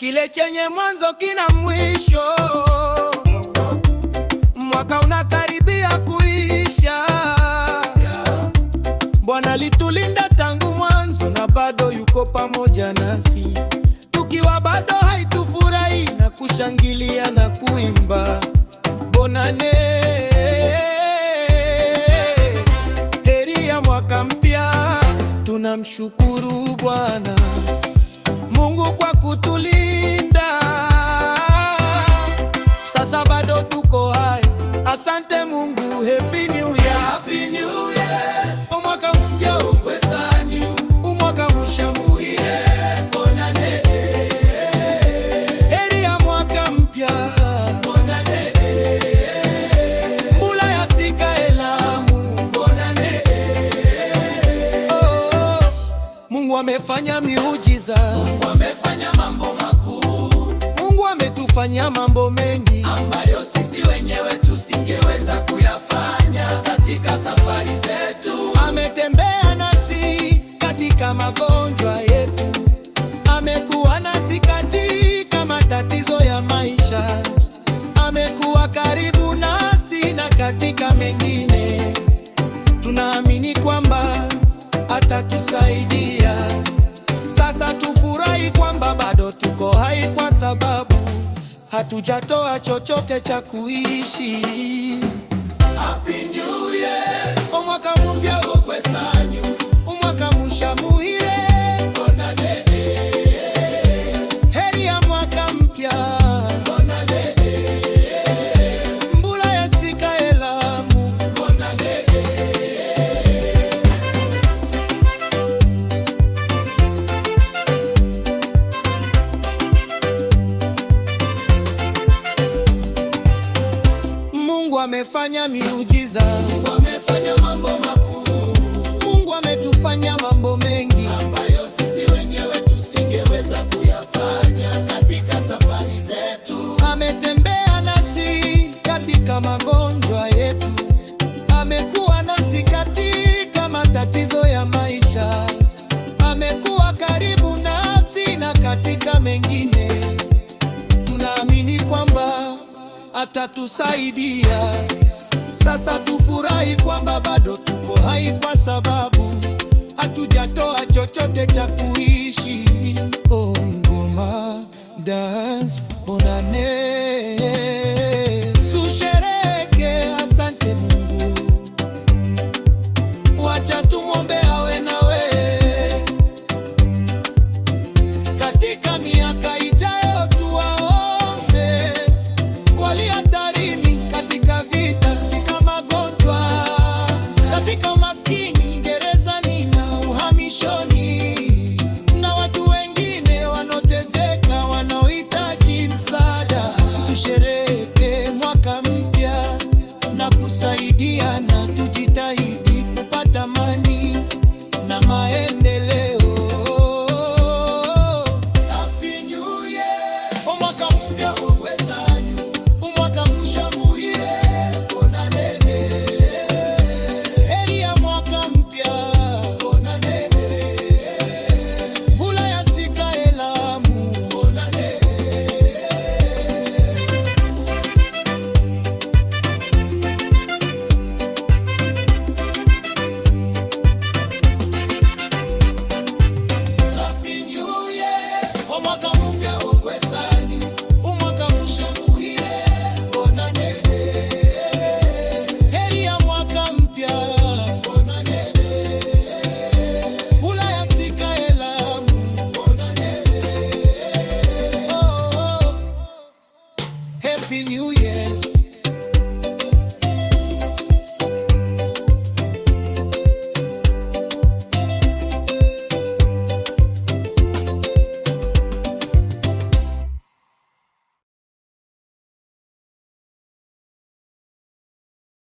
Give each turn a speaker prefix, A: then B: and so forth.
A: Kile chenye mwanzo kina mwisho. Mwaka unakaribia kuisha. Bwana litulinda tangu mwanzo na bado yuko pamoja nasi, tukiwa bado haitufurahi na kushangilia na kuimba bonane heri ya mwaka mpya, tunamshukuru Bwana. Mungu kwa kutulinda, sasa bado tuko hai. Asante Mungu hepi amefanya miujiza,
B: Mungu amefanya mambo makuu.
A: Mungu ametufanyia mambo mengi
B: ambayo sisi wenyewe tusingeweza kuyafanya katika safari zetu.
A: Ametembea nasi katika magonjwa yetu, amekuwa nasi katika matatizo ya maisha, amekuwa karibu nasi na katika mengine atatusaidia. Sasa tufurahi kwamba bado tuko hai, kwa sababu hatujatoa chochote cha kuishi.
B: Happy New Year, oh, mwaka mpya ukwe sana
A: amefanya miujiza, Mungu
B: amefanya mambo makuu.
A: Mungu ametufanya mambo mengi
B: ambayo sisi wenyewe tusingeweza kuyafanya katika safari zetu.
A: Ametembea nasi katika mago atatusaidia. Sasa tufurahi kwamba bado tupo hai, kwa sababu hatujatoa chochote cha kuishi. Oh, Ngoma Dance Bonane, tushereke. Asante Mungu, wacha tumwombe jitahidi kupata mani Happy New Year.